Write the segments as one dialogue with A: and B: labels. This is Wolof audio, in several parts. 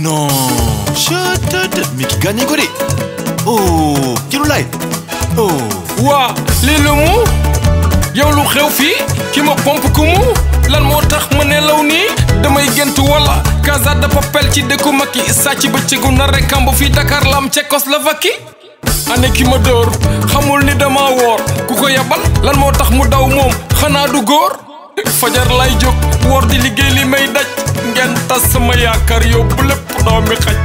A: non chëtët mi ki gagné oh, ko de oh. waa lii la mu yow lu xew fii ki ma pomp ku mu lan moo tax ma nelaw nii damay gént walla Casa de Papel ci dëkku Macky sàcc ba cëgu na rek ba fii Dakar la am Tchécoslovaquie ane ki ma dóor xamul ni dama woor ku ko yabal lan moo tax mu daw moom xanaa du góor fajar lay jóg woor di liggéey li may daj leen tas sama yaakaar yóbbu lépp doo mi xaj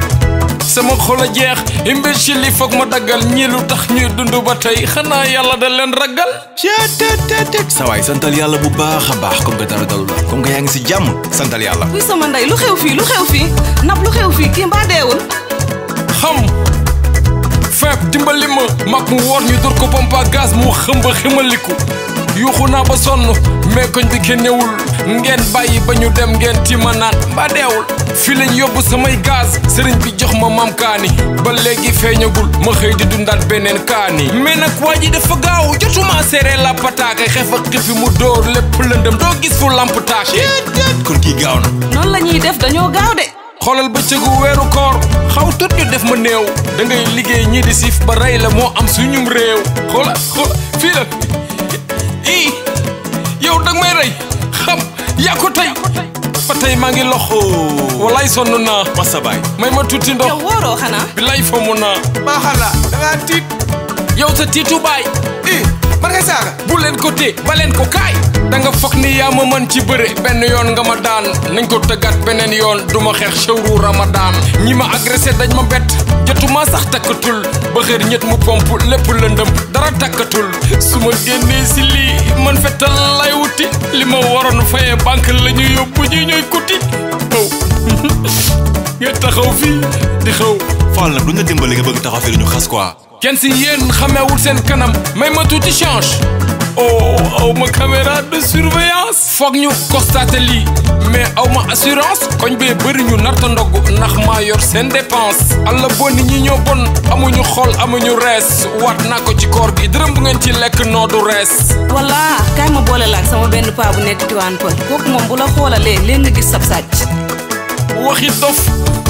A: sama xol a jeex imbécile li foog ma daggal ñi lu tax ñuy dund ba tey xanaa yàlla da leen ragal cttt sa waay santal yàlla bu baax a baax comme que dara dalu la comme que yaa ngi si jàmm santal yàlla buy sama lu xew fii lu xew fii nab lu xew fii kii mbaa deewul xam feeb dimbali ma mag mu woor ñu dur ko pompe à gaz mu xëmba ximaliku yuuxu naa ba sonn mais koñ bi kenn ñëwul ngeen bàyyi ba ñu dem ngeen tiima naan ba deewul fi lañ yóbbu samay gaz sëriñ bi jox ma maam kaani ba léegi feeñagul ma xëy di dundaat beneen kaani mais nag waa ji dafa gaaw jotuma seere la pataake xef ak xifi mu dóor lépp lëndëm doo gis fu lamp taake kon kii gaaw na noonu la ñuy def dañoo gaaw de xoolal ba bëccëgu weeru koor xaw tut ñu def ma néew da liggéey ñii di siif ba rey la moo am suñum réew xoola xoola fii la ii yow dag may rey xam yaa ko tey ba tey maa ngi loxo walaay sonn naa masa baay may ma tuuti ndox yow wóoroo xanaa bi lay fa mu naa baaxala da tiit yow sa tiitu baay man ngay saaga bu leen ko téye ba leen ko kaay da nga foog ni yaa ma man ci bëre benn yoon nga ma daan nañ ko tëggaat beneen yoon du ma xeex shawru ramadaan ñi ma agressé dañ ma bett jotuma sax takkatul ba xër ñett mu pomp lépp lëndëm dara takkatul su ma génnee si lii man fetal lay wuti li ma waroon fayee banque la ñu yóbbu ñu ñuy kuti aw nga taxaw fii di xaw faal nag du nga dimbali nga bëgg taxaw fii lu ñu xas quoi kenn si yéen xamewul seen kanam may ma tuuti change oh ma caméra de surveillance foog ñu constaté lii mais aw ma assurance koñ bee bëri ñu narta ndogg ndax maa yor seen dépense alla bon nit ñi ñoo bon amuñu xol amuñu rees waat naa ko ci koor gi dërëm bu ngeen ci lekk noo du rees walla kaay ma boole laak sama benn paa bu nekk Tiwaan Pël kooku moom bu la xoolalee leen nga gis sab sàcc waxi dof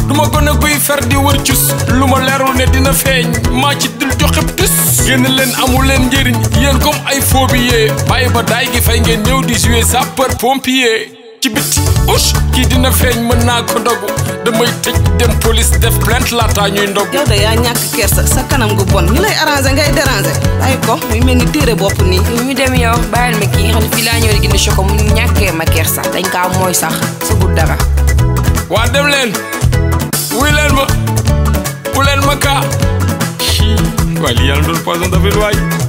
A: du ma gone guy fer di wër cus lu ma leerul ne dina feeñ maa ci dul joxeb tus génn leen amul leen njëriñ yéen comme ay phobie bàyyi ba daay gi fay ngeen ñëw di jouer sapeur pompier ci bit ush kii dina feeñ mën naa ko ndogu damay tëj dem police def plainte laata ñuy ndogu yow de yaa ñàkk kersa sa kanam gu bon ñu lay arrangé ngay déranger bàyyi ko muy mel ni téere bopp nii ñu dem yow bàyyil ma kii xam ne fii laa ñëw di gindi choko mu ñàkkee ma kersa dañ kaa sax su dara yàlla doon poison dafay waay.